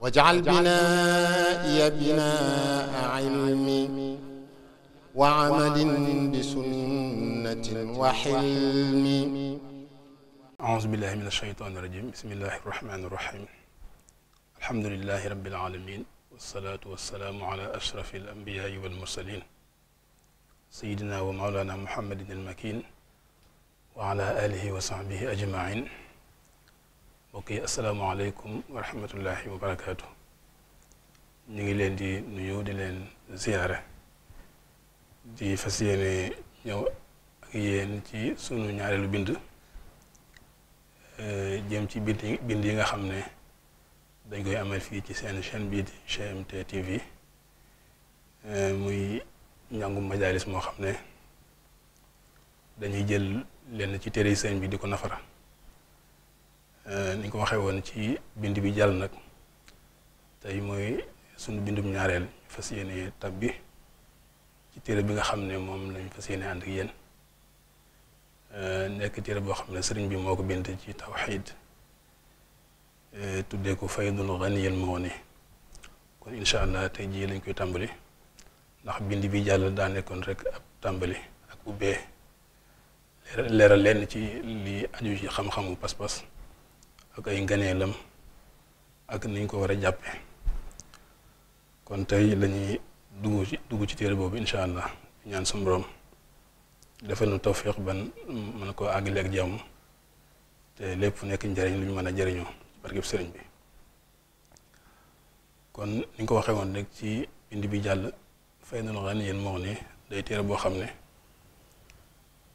واجعل بنائي بناء علم وعمل بسنة وحلم أعوذ بالله من الشيطان الرجيم بسم الله الرحمن الرحيم الحمد لله رب العالمين والصلاة والسلام على أشرف الأنبياء والمرسلين سيدنا ومولانا محمد المكين وعلى آله وصحبه أجمعين mbokk yi asalaamaaleykum wa rahmatullahi wa ñu ngi leen di nuyu di leen ziyaare di fas yéene ñëw ak yéen ci sunu ñaareelu bind eh, jëm ci bind bind yi nga xam ne dañ koy amal fii ci seen chaîne bii di GMT TV eh, muy njàngum majaalis moo xam ne dañuy jël lenn ci téere sëñ bi di ko nafara Euh, ni ko waxee woon ci bind bi jàll nag tey mooy sunu bindum ñaareel ñu fas yéene tab bi ci téere bi nga xam ne moom lañu fas yéene ànd ak yéen euh, nekk téere boo xam ne sëriñ bi moo ko bind ci tawxiid euh, tuddee ko faydul ganiyil mughni kon incha allah tey jii lañ koy tàmbali ndax bind bi jàll daa nekkoon rek ab tàmbali ak ubbee leeral lenn ci li aju ci xam-xamu pas-pas ak ay ngëneelam ak niñ ko war a jàppe kon tey lañuy dugg ci dugg ci téere boobu incha allah ñaan suñu borom defal nu tawfiq ban mën koo àggale ak jàmm te lépp nekk njariñ lu ñu mën a jariñoo ci barkeb sëriñ bi kon ni ko waxee woon rek ci indi bi jàll fay na loxo yéen moo ne day téere boo xam ne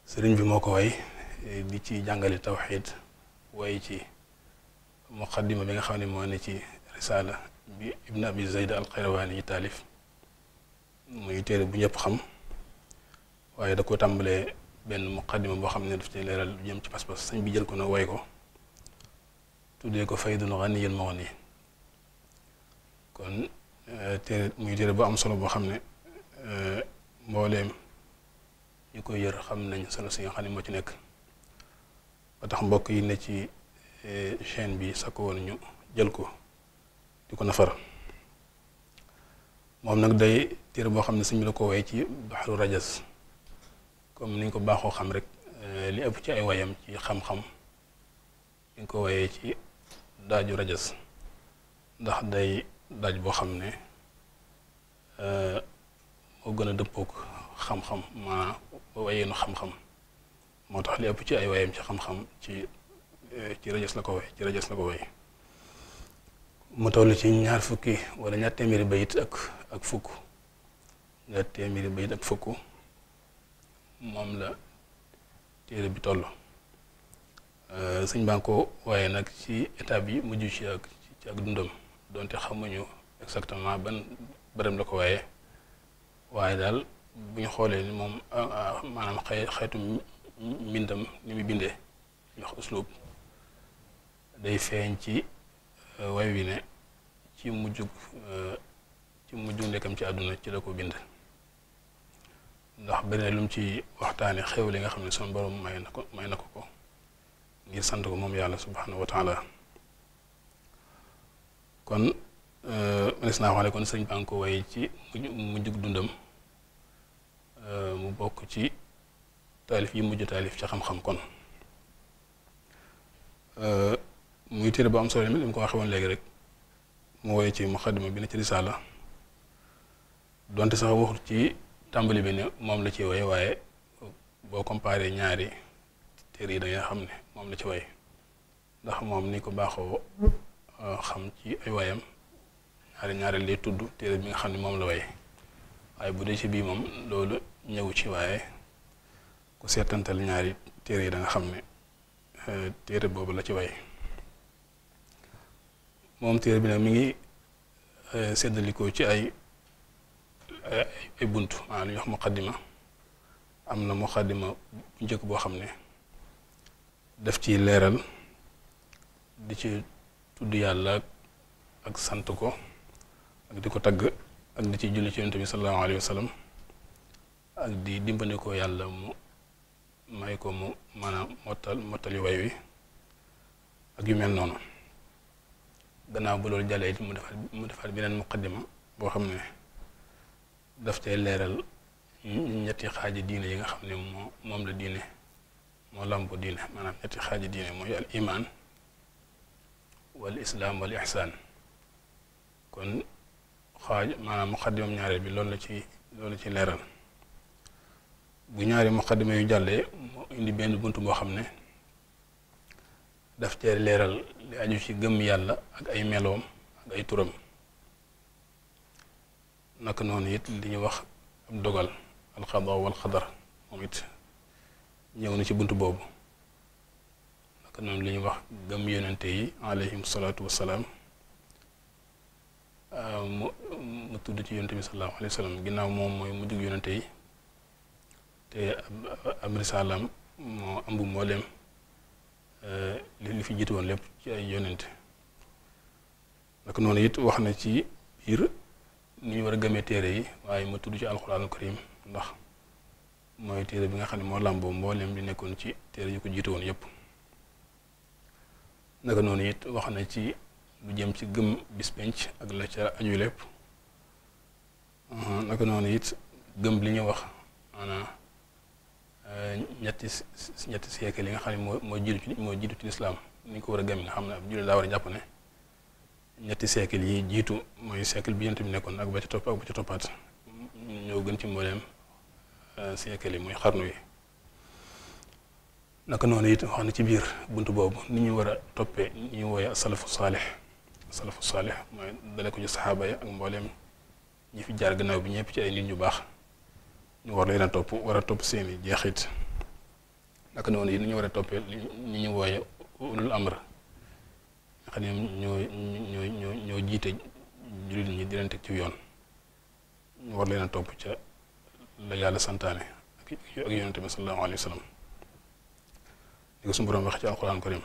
sëriñ bi moo ko way di ci jàngale tawxiid way ci muqaddima bi nga xam ne moo ne ci risaala bi ibn abi zayd al xayrawaani yi taalif muy téere bu ñëpp xam waaye da ko tàmbalee benn muqaddima boo xam ne daf ci leeral jëm ci pas sëñ bi jël ko na woy ko tuddee ko faydul ganiyil mughni kon euh, téere muy téere bu am solo boo xam ne euh, mbooleem ñu koy yër xam nañ solo si nga xam ne moo ci nekk ba tax mbokk yi ne ci Eh, chaîne bi sakku woon ñu jël ko di ko nafar moom nag day téere boo xam ne sëñ la ko way ci baxaru rajas comme ni ñu ko baaxoo xam rek eh, li ëpp ci ay wayam ci xam-xam ko wayee ci daaju rajas ndax day daaj boo xam ne eh, moo gën a dëppook xam-xam maa wayeenu xam-xam moo tax li ëpp ci ay wayam ci xam-xam ci Eh, ci rajos la ko way ci rajas la ko way mu toll ci ñaar fukki wala ñaar téeméeri bayit ak ak fukk ñaar téeméeri bayit ak fukk moom la téere bi toll eh, sëñ baa waaye nag ci état bi mujj ci ak dundam donte xamuñu exactement ban bërëm la ko waaye waaye daal bu ñu xoolee ni moom ah, ah, maanaam xay xeetu mbindam ni muy bindee ñu day feeñ ci euh, way wi ne ci mujjug euh, ci mujjug nekkam ci àdduna ci la ko bind ndax beneen lu ci waxtaane xew li nga xam ne son borom may na ko may na ko ko ngir sant ko moom yàlla subhaanahu wa taala kon euh, manes naa wax kon sëñ baa ngi dundam mu bokk ci taalif yi mujj taalif ci xam-xam kon muy téere boo am solo mi li ma ko waxee woon léegi rek mu woy ci muqaddima bi ne ci risaala donte sax waxut ci tàmbali bi ne moom la ci woy waaye boo comparé ñaari téere yi da xam ne moom la ci woy ndax moom ni ko baaxoo euh, xam ci ay woyam ñaari ñaari lay tudd téere bi nga xam ne moom la woy waaye bu dee ci bii moom loolu ñëw ci waaye ku seetantal ñaari téere yi danga xam ne euh, téere boobu la ci way moom téere bi nag mi ngi eh, seddalikoo ci ay ay bunt maanaam li ñuy wax muqaddima am na muqaddima bu njëkk boo xam ne def ci leeral di ci tudd yàlla ak sant ko ak di ko tagg ak di ci julli ci yonent bi sallallahu alayhi wa ak di dimbandikoo yàlla mu may ko mu maanaam mottal mottali way wi ak yu mel noonu gannaaw bu loolu jàllee mu defaat mu defaat beneen muqaddima boo xam ne daf cay leeral ñetti xaaji diine yi nga xam ne moo moom la diine moo làmbu diine maanaam ñetti xaaji diine mooy al imaan wal islaam wal ihsaan kon xaaj maanaam muqaddimam ñaareel bi loolu la ci loolu la ci leeral bu ñaari muqaddima yu jàllee moo indi benn bunt boo xam ne def cee leeral li aju ci gëm yàlla ak ay meloom ak ay turam naka noonu it li ñu wax ab dogal alxada wal moom it ñëw na ci bunt boobu naka noonu li ñu wax gëm yonente yi alayhim salaatu wasalaam ah, mu mu tudd ci yonente bi sallallahu alayhi wa ginnaaw moom mooy mujjug yonente yi te ab risaalam moo ambu mbooleem Euh, li fi jiitu woon lépp ci ay yonent naka noonu it wax na ci biir ni ñu war a gëme téere yi waaye ma tudd ci alxuraanul karim ndax mooy téere bi nga xam ne moo làmboo mboolem li nekkoon ci téere yu ko jiitu woon yépp naka noonu it wax na ci lu jëm ci gëm bis ak la ca aju lépp naka noonu it gëm li ñu wax Euh, ñetti ñetti siècle yi nga xam ne moo moo jiitu ci moo jiitu ci lislaam ni ñu ko war a gëm nga xam ne ab jullit daa war a jàpp ne ñetti siècle yi jiitu mooy siècle bi yonent bi nekkoon ak ba ci topp ak ba ca toppaat ñoo gën ci mbooleem euh, siècle yi mooy xarnu yi naka noonu it wax na ci biir bunt boobu ni ñu war a toppee ni ñu wooye salafu saalix salafu saalix mooy dale ko ci ak mbooleem ñi fi jaar gannaaw bi ñëpp ci ay nit ñu baax ñu war leen a topp war a topp seeni jeexit naka noonu yi ñu war a toppee ñu ñu wooye ulul amr nga xam ne ñoo ñoo jiite jullit ñi di ci yoon ñu war leen a topp ca la yàlla santaane ak ak yonent bi sallallahu alayhi wa ko suñu borom wax ci alquran karim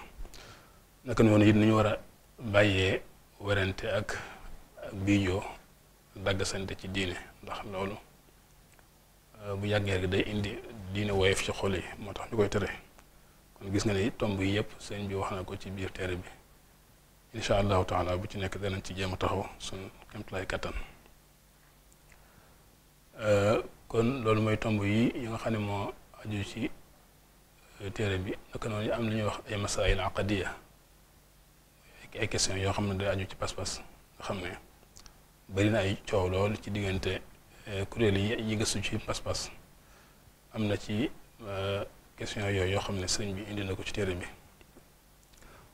naka noonu it ni ñu war a bàyyee werante ak ak biijoo dagg sante ci diine ndax loolu Euh, bu yàggee gi day indi diine woyof ci xol moo tax ñu koy tere kon gis nga ni tomb yi yëpp sëñ bi wax na ko ci biir téere bi incha allahu taala bu ci nekk nañ ci jéem a taxaw suñ kemtalaay kattan euh, kon loolu mooy tomb yi yi nga xam ne moo aju ci euh, téere bi naka noonu am lu ñuy wax ay masaayil aqadiya ay question yoo xam ne day aju ci pas-pas nga xam ne bari na ay coow lool ci diggante Euh, kuréel yi yi gëstu ci pas-pas am na ci euh, question yooyu yoo xam ne sëriñ bi indi na ko ci téere bi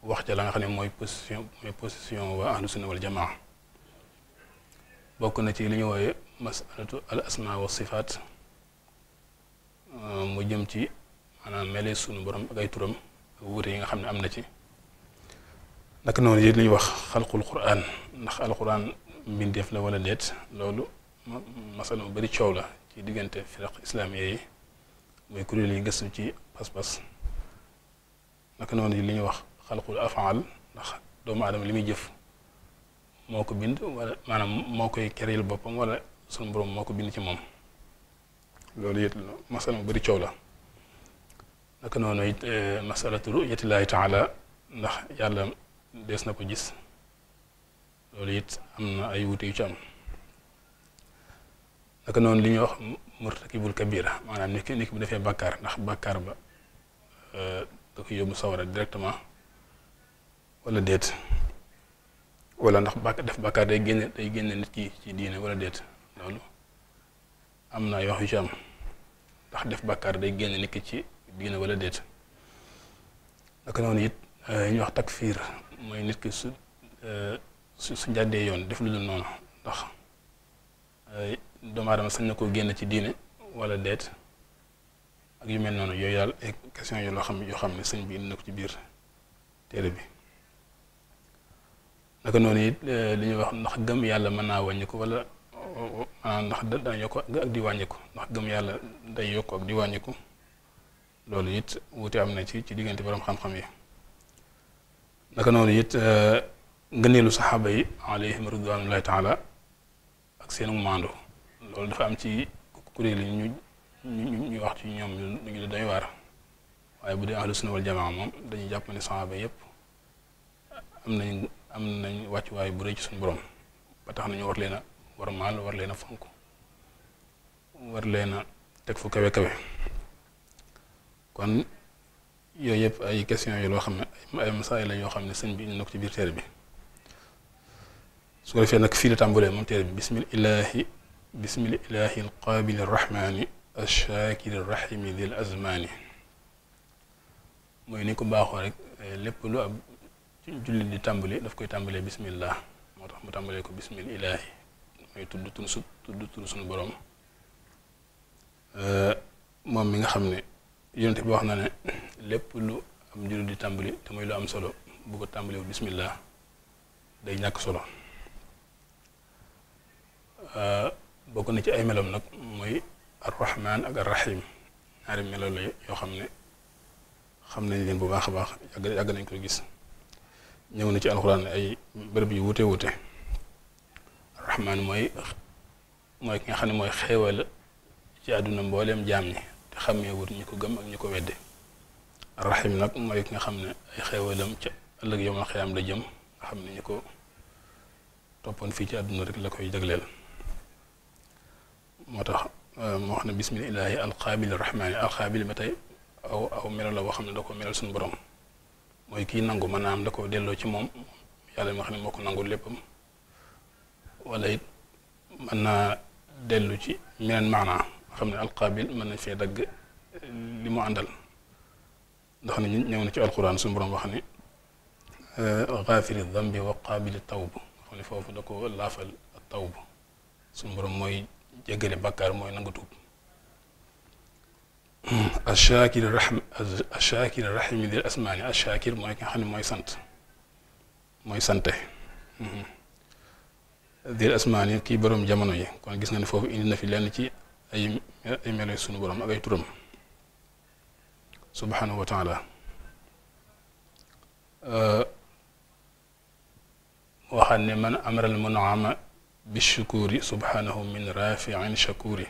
wax ca la nga xam ne mooy position mooy position waa ahlu sunna wal jamaa bokk na ci li ñu wooye masalatu al asma wa sifaat euh, mu jëm ci maanaam sunu borom ak ay turam wuute yi nga xam ne am na ci naka noonu yi li wax xalqul quraan ndax al quraan mbindeef la wala déet loolu masala mu bari coow la ci diggante firaq islamiya yi muy kuréel yi gëstu ci pas-pas naka noonu li ñuy wax xalqul afaal ndax doomu aadama li muy jëf moo ko bind walla maanaam moo koy kereel boppam wala su borom moo ko bind ci moom loolu it masala mu bari coow la naka noonu it eh, masalatu ru'yatillaahi taala ndax yàlla dees na ko gis loolu it am na ay wuute yu ci naka noonu li ñuy wax murtakibul kabira maanaam nit ki nit ki bu defee bàkkaar ndax bàkkaar ba euh, da koy yóbbu sawara directement wala déet wala ndax bàkk def bàkkaar day génne day génne nit ki ci diine wala déet loolu am na yoo xam yu ndax def bàkkaar day génne nit ci diine wala déet naka noonu it euh, ñuy wax takfiir mooy nit ki su euh, su su jàddee yoon def lu dul noonu ndax. doomu aadama sañ na koo génn ci diine wala deet ak yu mel noonu yooyu daal ay question yoo loo xam yoo xam ne sëñ bi indi na ko ci biir téere bi naka noonu it eh, li ñuy wax ndax gëm yàlla mën naa wàññiku wala ah, ndax dana yokk ak ndax gëm yàlla day yokk ak di wàññiku loolu it wuute am na ci ci diggante borom xam-xam yi naka noonu it eh, ngëneelu saxaaba yi alayhim ridwanullahi taala ak seenu maandu loolu dafa am ci kuréel yi ñu ñu ñu wax ci ñoom ñu doy waar waaye bu dee ahlu sunna wal jamaa moom dañuy jàpp ne saxaaba yépp am nañ am nañ wàccuwaay bu rëy ci suñu borom ba tax nañu war leen a warmaal war leen a fonk war leen teg fu kawe kawe kon yooyu yëpp ay question yi loo xam ne ay masaay la yoo xam ne sëñ bi indi na ko ci biir téere bi su ko defee nag fii la tàmbalee moom téere bi bismillaahi bismil ilaahi alqaabili rahmaani ashaakiri rahimi dil azmaani mooy ni ko baaxoo rek eh, lépp lu ab jullit di tàmbali daf koy tàmbalee bismillah moo tax mu tàmbalee ko bismil ilaahi mooy tur su tudd eh, moom mi nga xam ne yonent bi wax na ne lépp lu am jullit di tàmbali te mooy lu am solo bu ko tàmbaliwul bismillah day ñàkk solo eh, bokk na ci ay meloom nag mooy arrahman ak arrahim ñaari melo la yoo xam ne xam nañ leen bu baax a baax yàgg nañ ko gis ñëw na ci alxuraan ay bërëb yu wute wute arrahman mooy mooy ki nga xam ne mooy xéewal ci àdduna mbooleem jaam ñi te xàmmee wut ñi ko gëm ak ñu ko wedde arrahim nag mooy ki nga xam ne ay xéewalam ca ëllëg yawmal xiyaam la jëm nga xam ne ñi ko toppoon fii ci àdduna rek la koy jagleel moo tax euh, mu wax ne bismil ilaahi alqaabil rahmaani ba tey aw aw melal la boo xam ne da ko melal suñu borom mooy kii nangu mën na am da ko delloo ci moom yàlla moo xam ne moo ko nangu léppam wala it mën naa dellu ci meneen maanaa xam ne alqaabil mën nañ fee dagg li mu àndal ndax ne ñëw na ci alquran suñu borom wax ne euh, gaafiri dambi wa qaabili tawb xam ne foofu da ko laafal tawb suñu borom mooy jéggale bàkkaar mooy nanga tuub hmm. ashakir rahim ashakir rahimi lil asmaani ashakir mooy ki nga ne mooy sant mooy sante dil hmm. asmaani kii borom jamono yi kon gis nga ne foofu indi na fi lenn ci ay ay sunu borom ak ay turam subhanahu wa taala waxaat ne man bishukuuri subhaanahu min rafiin shakuuri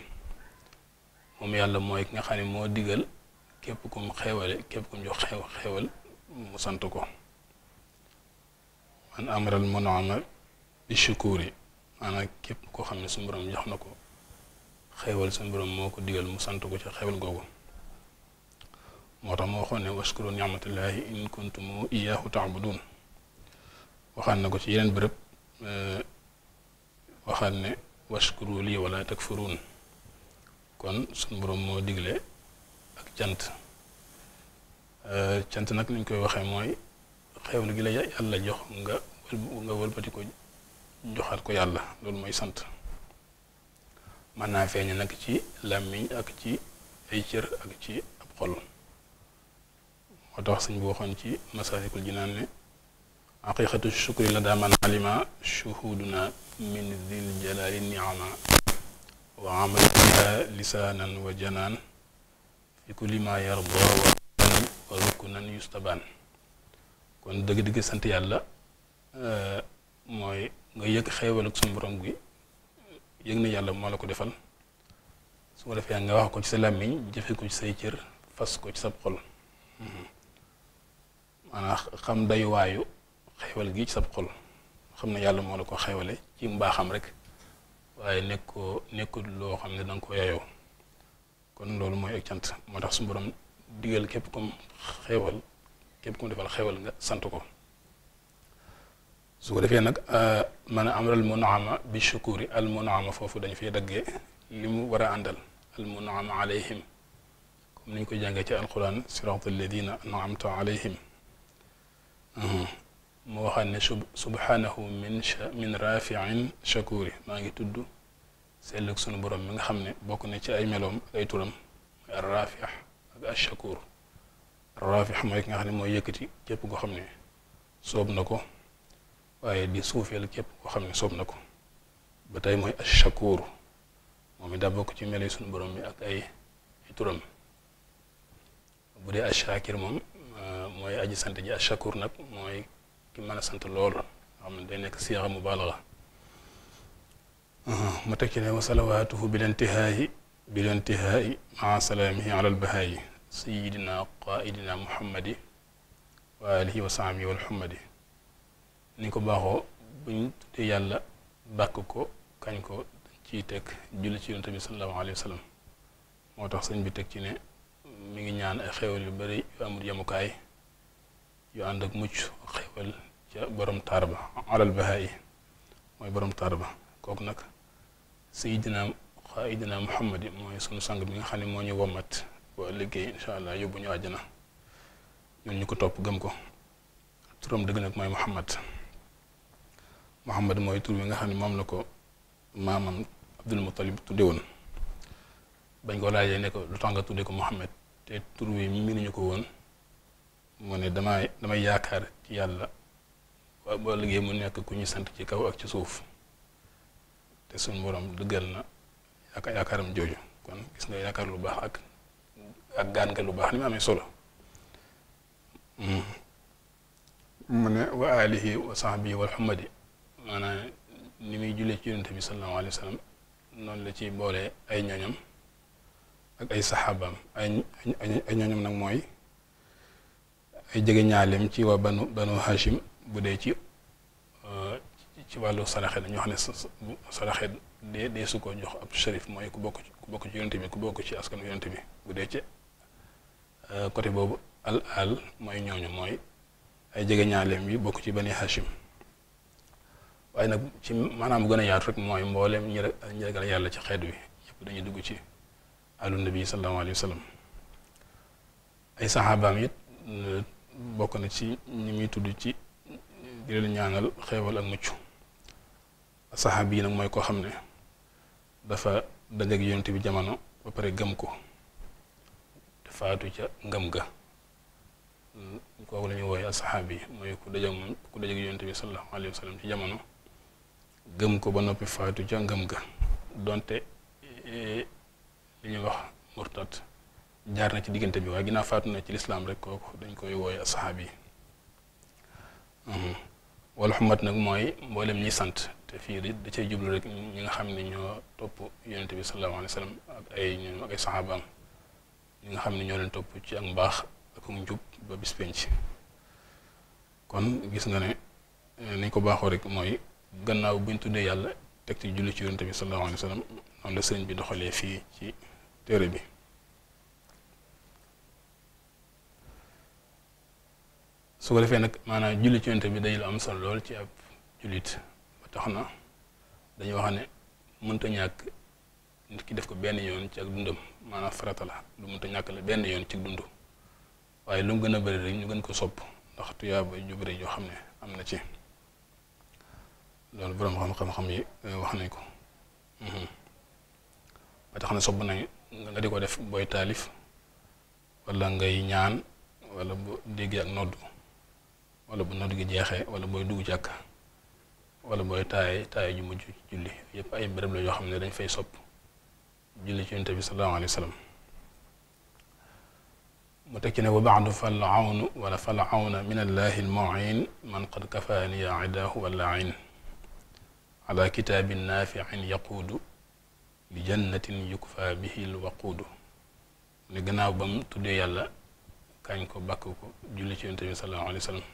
moom yàlla mooy ki nga xam ne moo digal képp kum xewale képp kum jox xew xewal mu sant ko man amral munaama yi maanaam képp koo xam ne suñu borom jox na ko xewal suñu borom moo ko digal mu sant ko ci xewal googu moo tax ma waxoon ne waskuru ni'matallahi in kuntum iyaahu ta'budun waxaan na ko ci yeneen bërëb waxal ne washkuru lii wala takfuruun kon suñ boroom moo digle ak cant euh, cant nag li koy waxee mooy xewlu gi la yàlla jox nga nga wëlbati ko joxaat ko yàlla loolu mooy sant mën naa feeñ nag ci làmmiñ ak ci ay cër ak ci ab xol moo tax sëñ bi waxoon ci masaalikul jinaan ne xaqiqatu shukri la daaman alima shuhuduna min zil jalali niama wa amal biha lisaanan wa janaan fi kulli ma yarda wa ruknan yustabaan kon dëgg-dëgg sant yàlla euh, mooy nga yëg xeewal ak suñu yëg na yàlla moo la ko defal su ko defee nga wax ko ci sa làmmiñ jëfe ko ci say cër fas ko ci sab xol hmm. maanaam xam dayuwaayu xeewal gi ci sab xol xam na yàlla moo la ko xeewale ci mbaaxam rek waaye nekk nekkul loo xam ne danga ko yaayoo kon loolu mooy ak cant moo tax su borom digal képp kum xeewal képp kum defal xeewal nga sant ko su ko defee nag euh, man a amral munaama bi shukuri al munaama foofu dañu fay daggee li mu war a àndal al munaama alayhim comme ni ñu ko jàngee ci alquran siratal ladina anamta alayhim mu waxaat ne subhanahu min min rafiin shakuri maa ngi tudd sellug sunu borom mi nga xam ne bokk na ci ay meloom ak ay turam mooy ar rafi ak as shakur ar rafi mooy ki nga xam ne mooy yëkkati képp koo xam ne soob na ko waaye di suufeel képp koo xam ne soob na ko ba tey mooy as shakur moom it bokk ci melo yi sunu borom bi ak ay ay turam bu dee as shakir moom mooy aji sant ji as shakur nag mooy. ki mën a sant lool am ne day nekk siixa mubaalaxa mu tekki ne wa salawaatuhu bil intihaayi bil intihaayi maa salaamihi ala albahaayi sayidina qaaidina muhammadi wa alihi wa sahbihi wal hummadi ni ko baaxoo buñ tuddee yàlla bàkk ko kañ ko ci teg julli ci yoon tamit sallallahu alayhi wa sallam moo tax sëñ bi teg ci ne mu ngi ñaan ay xéewal yu bari yu amul yemukaay yu ànd ak mucc xewal ca borom taar ba alal bahaay mooy borom taar ba kooku nag si sayidina xaayidina muhammad mooy sunu sang bi nga xam ne moo ñu womat ba liggéey incha allah yóbbu ñu àjjana ñun ñu ko topp gëm ko turam dëgg nag mooy muhammad muhammad mooy tur bi nga xam ne moom na ko maamam abdul muttalib tudde woon bañ ko laajee ne ko lu tax nga tudde ko muhammad te tur wi miinuñu ko woon mu ne damay damay yaakaar ci yàlla waa boo liggéey mu nekk ku ñu sant ci kaw ak ci suuf te suñ borom dëggal na yaaka yaakaaram jooju kon gis nga yaakaar lu baax ak ak gaan nga lu baax ni mu solo hmm. mu ne wa alihi wa ni muy jullee ci yonente bi sallallahu alayhi wa sallam noonu la ci boolee ay ñoñam ak ay saxaabaam ay ay nag mooy ay jege ñaaleem ci waa banu banu hashim bu dee ci euh, ci wàllu saraxe na ñoo xam ne saraxe dee dee su ko jox ab sharif mooy ku bokk ku bokk ci yonent bi ku bokk ci askanu yonent bi bu dee ci euh, côté boobu al al mooy ñooñu mooy ay jege ñaaleem yi bokk ci bani hashim waaye nag ci maanaam gën a yaatu rek mooy mbooleem ñi ñi ragal yàlla ci xeet wi yëpp dañuy dugg ci alu nabi sallallahu alayhi wa ay saxaabaam it bokk na ci ñi muy tudd ci di ñaanal xeewal ak mucc saxaab yi nag mooy koo xam ne dafa dajeek yonent bi jamono ba pare gëm ko faatu ca ngëm ga kooku la ñuy wooye asaxaab yi mooy ku dajeek moom ku dajeek yonent bi sallallahu alayhi wa ci jamono gëm ko ba noppi faatu ca ngëm ga donte eh, li ñuy wax murtat jaar na ci diggante bi waaye ginnaaw faatu na ci lislaam rek kooku dañ koy wooye asxaab yi mhm. wala xumat nag mooy mboolem ñi sant te fii da cay jublu rek ñi nga xam ne ñoo topp yonente bi sallallahu alayhi wa saxaabaam ñi nga xam ne ñoo leen topp ci ak mbaax ak njub ba bis kon gis nga ne eh, nañ ko baaxoo rek mooy gannaaw buñ tuddee yàlla teg ci julli ci yonente bi sallallahu alayhi wa sallam noonu la sëriñ bi doxalee fii ci téere bi su ko defee nag maanaa julli ci yonent bi dañu lu am solo lool ci ab jullit ba tax na dañuy wax ne mënta ñàkk nit ki def ko benn yoon ci ak dundam maanaam farata lu mënta ñàkk la benn yoon ci dund waaye lu mu gën a bari rek ñu gën ko sopp ndax tuyaaba ju bëri yoo xam ne am na ci loolu boroom xam-xam-xam yi eh, wax nañ ko mhm. ba tax na sopp na nga di ko def booy taalif wala ngay ñaan walla bu déggee ak noddu wala bu nodd gi jeexee wala booy dugg jàkk wala booy taaye taaye ju mujj julli yépp ay béréb la yoo xam ne dañ fay sopp julli ci yonent bi sallallahu alayhi wa sallam mu tekki ne wa baadu fal awnu wala fal awna min allahi almuin man qad kafaani yaa idaahu wala ayn ala kitaabin naafiin yaquudu li jannatin yukfa bihi lwaquudu mu ne gannaaw ba mu tuddee yàlla kañ ko bakk ko julli ci yonent bi sallallahu alayhi wa sallam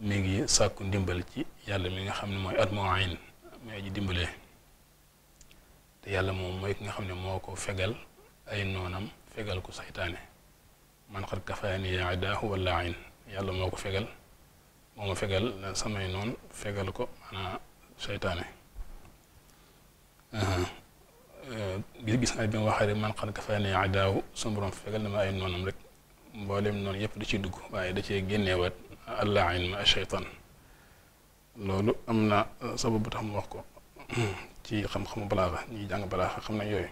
mi ngi sàkku ndimbal ci yàlla mi nga xam ne mooy at moo ayin mi aji dimbalee te yàlla moom mooy ki nga xam ne moo ko fegal ay noonam fegal ko saytaane man xat yàlla moo ko fegal moo ma fegal samay noon fegal ko maanaam saytaane gis-gis naa bi mu waxee rek man xat kafaani yaa daahu sunu borom fegal na ma ay noonam rek mboolem noonu yëpp da ciy dugg waaye da cee génneewaat allaahin ma asheytan loolu am na sabab bu tax mu wax ko ci xam-xamu balaaxa ñuy jàng balaaxa xam nañ yooyu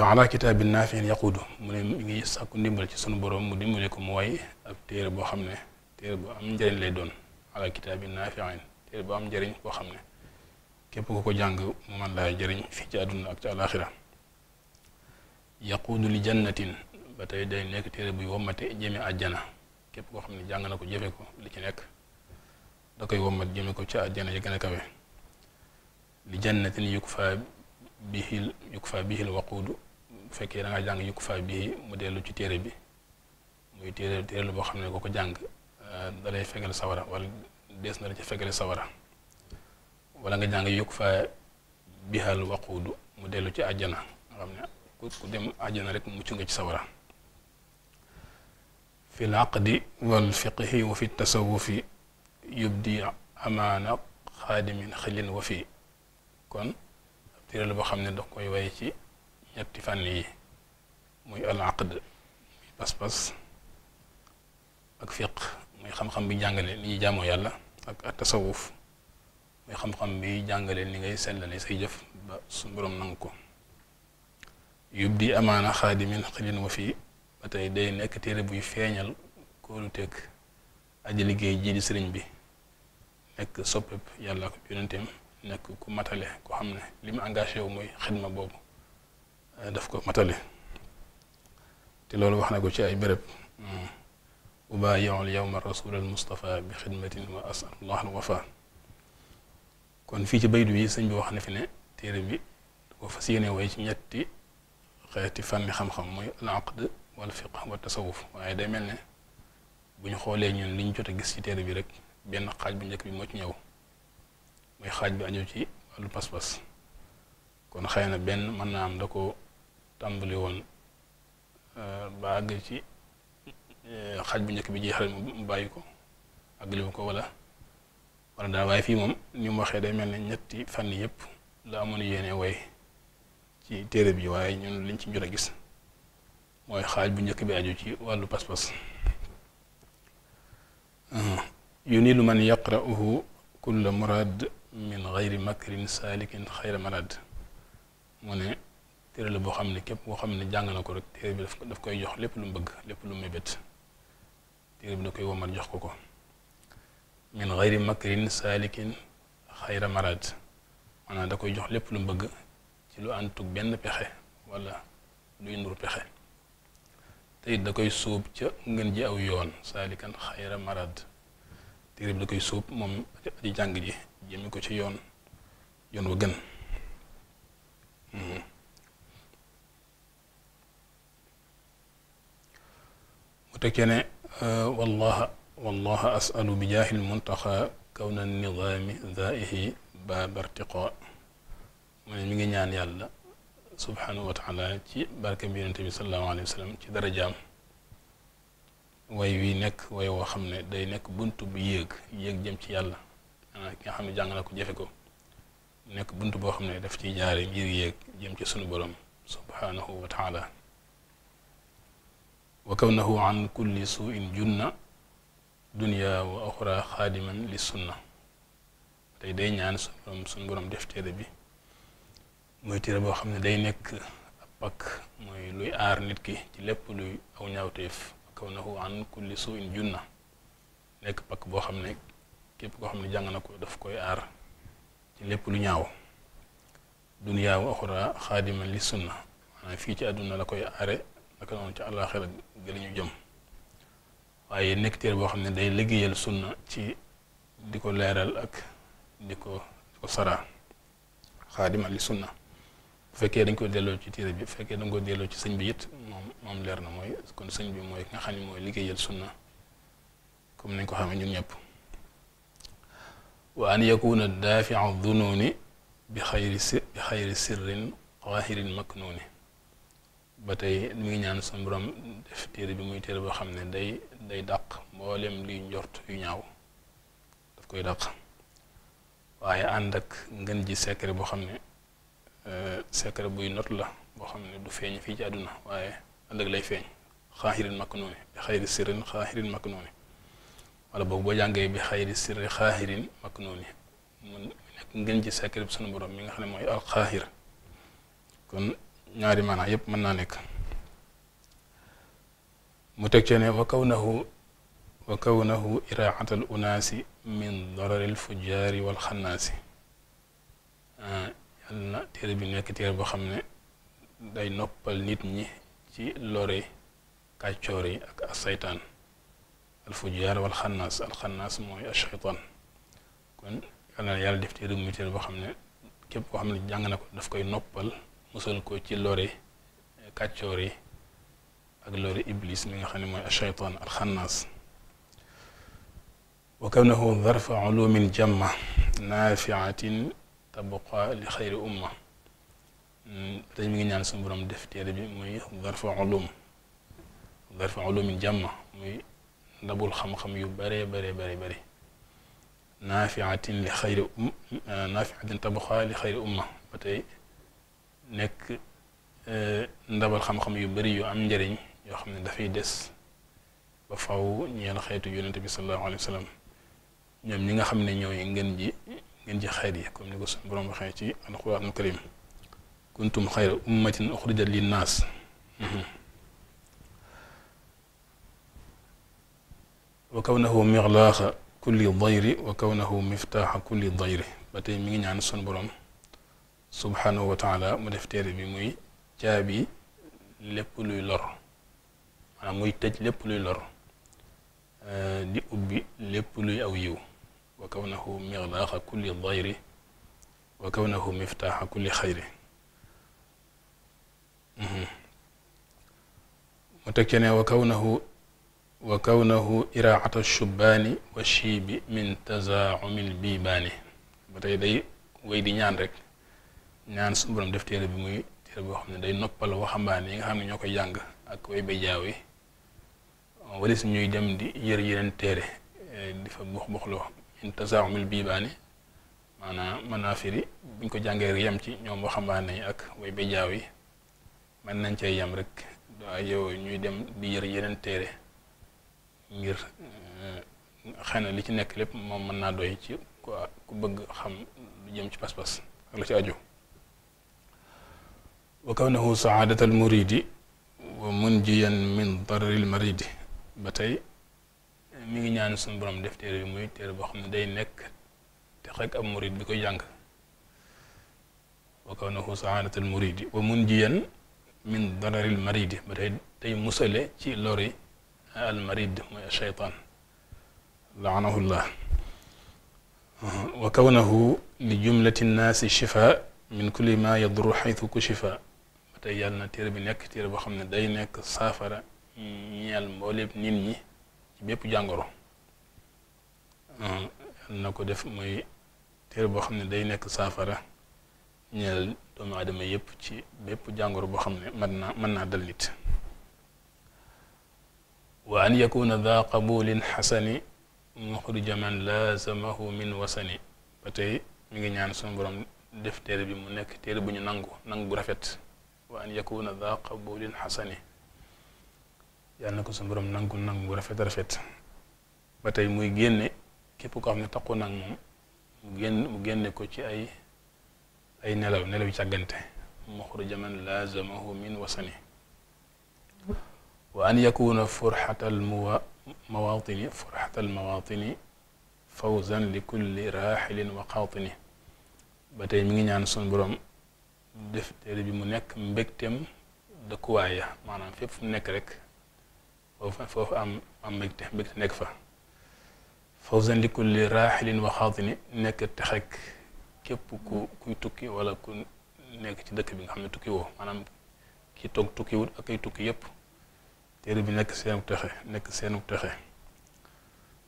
ala kitaabin naafiin yaquudu mu ne mu ngi sàkku ndimbal ci sunu boroom mu dimbali ko mu way ab téere boo xam ne téere bu am njëriñ lay doon ala kitaabin naafiin téere bu am njëriñ boo xam ne képp ko ko jàng mu man laa jëriñ fii ci àdduna ak ci àlaxira yaquudu li jannatin ba tey day nekk téere buy wommate jëme àjjana képp koo xam ne jàng na ko jëfe ko li ci nekk da koy wommat jëme ko ci àjjana ya gën a kawe li jannatin na bihil yukfa bihil waquudu bu fekkee da ngaa jàng yukfa bihi mu dellu ci téere bi muy téere téere boo xam ne koo ko jàng euh, da lay fegal sawara wala dees na la ci fegal sawara wala nga jàng yukfa bihal waquudu mu dellu ci àjjana nga xam ne ku dem àjjana rek mucc nga ci sawara fi di wal fiqhi wa fi tasawufi yubdi amaana xaadimin xilin wa fi kon ab téere la boo xam ne daf koy waye ci ñetti fànn yi muy al aqd pas-pas ak fiq muy xam-xam bi jàngale ni ñuy jaamoo yàlla ak bi jàngale ni ngay sellale say jëf ba su borom nangu ko yubdi amaana xaadimin xilin wa fi ba tey day nekk téere buy feeñal kóoluteeg aji liggéey jii di sëriñ bi nekk soppeb yàlla ko yonenteem nekk ku matale ku xam ne li mu engagé wu muy xidma boobu eh, daf ko matale te loolu wax na ko ci ay béréb hmm. ubaayi'ul yawma rasul al mustafa bi xidmatin wa asalullah al wafa kon fii ci baydu yi sëñ bi wax na fi ne téere bi da ko fas yéene way ci ñetti xeeti fànni xam-xam muy al aqd wal fiq wa waaye day mel ne bu xoolee ñun liñ jot a gis ci téere bi rek benn xaaj bu njëkk bi moo ci ñëw mooy xaaj bi aju ci wàllu pas-pas kon xëy na benn mën naa am da ko tàmbali woon euh, ba àgg ci euh, xaaj bu njëkk bi jeexal mu bàyyi ko àggaliwu ko wala wala daal waaye fii moom ni mu waxee day mel ne ñetti fànn yépp la amoon yéene way ci téere bi waaye ñun liñ ci jot a gis mooy xaaj bu njëkk bi aju ci wàllu pas-pas ah. yu nilu man yaqra'uhu kulla murad min gayri makrin saalikin xayra marad mu ne téere la boo xam ne képp koo xam ne jàng na ko rek téere bi daf koy jox lépp lu mu bëgg lépp lu mébét téere bi da koy womat jox ko ko min gayri makrin saalikin xayra marad maanaam da koy jox lépp lu mu bëgg ci lu àntug benn pexe wala luy ndur pexe te it da koy suub ca ngën ji aw yoon saalikan xayra marad téere bi da koy suub moom aji jàng ji jëme ko ci yoon yoon wa gën hmm. mu teg ce ne wallaha wallaha asalu bi jaahil muntaxa kawna nidaami zaihi baaba irtiqaa mu ne mi ngi ñaan yàlla subhaanahu wa ci barke bi yonente bi sallallahu ci darajaam way wi nekk way woo xam ne day nekk bunt bu yéeg yéeg jëm ci yàlla maanaam ki nga xam ne jàng na ko jëfe ko nekk bunt boo xam ne daf ciy jaare ngir yéeg jëm ci sunu borom subhaanahu wa taala na kawnahu an kulli suin junna dunya wa oxra xaadiman li sunna tey day ñaan sunu borom def téere bi mooy téere boo xam ne day nekk ab pakk muy luy aar nit ki ci lépp luy aw ñaawteef kaw nahu an kulli suin junna nekk pakk boo xam ne képp koo xam ne jàng na ko daf koy aar ci lépp lu ñaaw duniyaa wa axra xaadiman li sunna maanaam fii ci àdduna la koy aare naka noonu ci àllaaxira gi la ñu jëm waaye nekk téere boo xam ne day liggéeyal sunna ci di ko leeral ak di ko di ko saraa xaadiman li sunna bu fekkee dañ ko delloo ci téere bi bu fekkee dañ ko delloo ci sëñ bi it moom moom leer na mooy kon sëñ bi mooy nga xam ne mooy liggéeyal sunna comme nañ ko xamee ñun ñëpp wa an yakuna daafiu dunuuni bi xayri ba tey mi ngi ñaan suñu borom def téere bi muy téere boo xam ne day day dàq mboolem liy njort yu ñaaw daf koy dàq waaye ànd ak ngën ji secret boo xam ne Euh, secret buy not la boo xam ne du feeñ fii ci àdduna waaye ëllëg lay feeñ xaaxirin makk noonu bi xayri sirrin xaaxirin makk noonu wala boog boo jàngee bi xayri sirri xaaxirin makk noonu mu nekk ngeen ci secret bi sunu borom mi nga xam ne mooy al xaaxir kon ñaari maanaa yépp mën naa nekk mu teg ci ne wa kawnahu wa kawnahu iraatal unaasi min dararil fujaari wal xannaasi ah, na téere bi nekk téere boo xam ne day noppal nit ñi ci lore kàccoor yi ak asaytaan alfujaar wal xannaas xanaas mooy ashaytaan kon yal yàlla def téere muy téere boo xam ne képp koo xam ne jàng na ko daf koy noppal musal ko ci lore kàccoor yi ak lore iblis mi nga xam ne mooy ashaytaan alxannaas wa kawnahu darfa ulumin jamma naafiatin tabuqa li xayri umma tey mi ngi ñaan suñu def téere bi muy garfa ulum garfa ulumi jàmma muy ndabul xam-xam yu bare bare bare bare naafiatin li xayri um naafiatin tabuqa li xayri umma ba tey nekk e, ndabal xam-xam yu bari yu am njariñ yoo xam ne dafay des ba faw ñeel xeetu yonente bi sallallahu alayhi wa sallam ñoom ñi nga xam ne ñooy ngën ji ngeen ji xeet yi comme ni ko suñu borom waxee ci alxuraanul karim kuntum xayra ummatin uxrijat lin naas wa kawnahu mixlaaxa kulli dayri wa kawnahu miftaaxa kulli dayri ba tey mi ngi ñaan suñu borom subhanahu te taala mu def téere bi muy caabi lépp luy lor maanaam muy tej lépp luy lor eh, di ubbi lépp luy aw yiw wa kawnahu mirdaaxa kulli dayri wa kawnahu miftaaxa kulli xayri mhm. mu teg di ñaan rek ñaan suñu borom def téere bi muy téere boo xam ne day noppal waxambaane yi nga ñoo koy jàng ak way bay jaaw walis ñuy dem di yër yeneen téere eh, di fa bux buxloo intasaamul biibaani maanaam manaafiri buñ ko jàngee rek yem ci ñoom waxambaane yi ak way bejaaw yi mën nañ cee yem rek daa yow ñuy dem di yër yeneen téere ngir eh, xëy na li ci nekk lépp moom mën naa doy ci quoi ku bëgg xam lu jëm ci pas-pas ak la ci aju wa saadatal muridi wa munjiyan min darril maridi ba tey mi ngi ñaan suñu borom def téere bi muy téere boo xam ne day nekk te xek ab murid bi koy jàng wa kawnahu saadatul muridi wa munjiyan min dararil maridi ba tey tey musale ci lori al marid mooy cheytaan laanahullah wa kawnahu li shifa min kulli ma yaduru xaytu ku shifa ba na téere bi nekk téere boo xam ne day nekk saafara ñeel mbooleeb nit ñi bépp jàngoro na ko def mooy téere boo xam ne day nekk saafara ñeel doomu aadama yépp ci bépp jàngoro boo xam ne mën naa mën naa dal nit wa an yakuna daa qabulin xasani muxrija man laasamahu min wasani ba tey mi ngi ñaan sunu borom def téere bi mu nekk téere bu ñu nangu nangu bu rafet wa an yakuna daa qabulin xasani yàlla na ko suñu borom nangu nangu rafet rafet ba tey muy génne képp koo xam ne taxu nag moom mu génn génne ko ci ay ay nelaw nelaw yu càggante muxruja man laazamahu min wasani wa an yakuna furxatal muwa mawaatini furxatal mawaatini fawzan li tey mi ngi ñaan suñu borom def bi mu nekk mbégteem dëkkuwaay ya maanaam fépp fu mu nekk rek foofu foofu am te mbégte mbégte nekk fa fawzan li kulli raaxilin wa xaatini nekk texek képp ku kuy tukki wala ku nekk ci dëkk bi nga xam ne tukki woo maanaam ki toog tukkiwut wut ak ay tukki yépp téere bi nekk seenu texe nekk seenu texe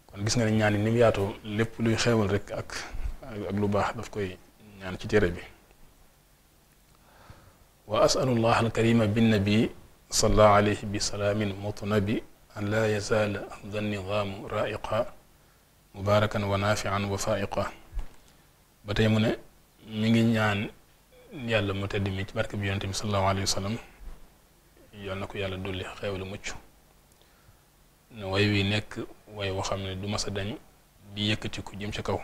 kon gis nga ne ñaan yi ni yaatoo lépp luy xeewal rek ak ak lu baax daf koy ñaan ci téere bi wa asalullah alkarima binnabi salla alayhi bi salaamin mutnabi an laa yazaala amda nidaamu raiqa mubaarakan wa naafian wa faiqa ba tey mu ne mi ngi ñaan yàlla mu tedd mi ci barke bi yonente bi sallallahu alayhi wa sallam yal yàlla dolli xeewlu mucc nekk way woo xam ne du mas a dañ di yëkkati ku jëm ci kaw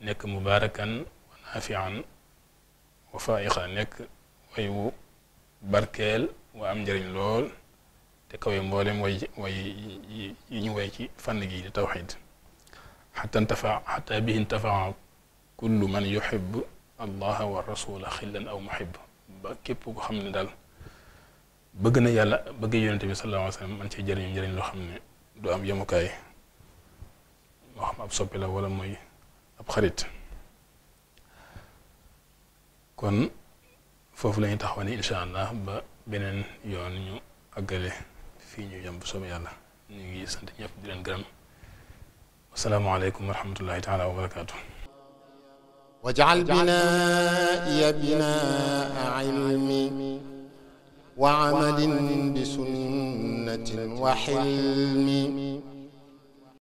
nekk mubaarakan wa naafian wa faiqa nekk way wu barkeel wa am njariñ lool te kawe mboolem way way yi ñu way ci fànn gi di tawxid xata ntafa xata bihi intafaa kullu man yuhib allah wa rasula xillan aw muhib képp xam ne daal bëgg na yàlla bëgg yonente bi sallallahu alayhi wa man cee jëriñu njëriñ loo xam ne du am yemukaay moo xam ab soppi la wala mooy ab xarit kon foofu la ñu taxaw ni incha allah ba beneen yoon ñu àggale fii ñu jëm bu soobee yàlla ñu ngi sant ñëpp di leen gërëm asalaamaaleykum wa rahmatullahi taala wa barakaatu. واجعل بنائي بناء علم وعمل بسنة وحلم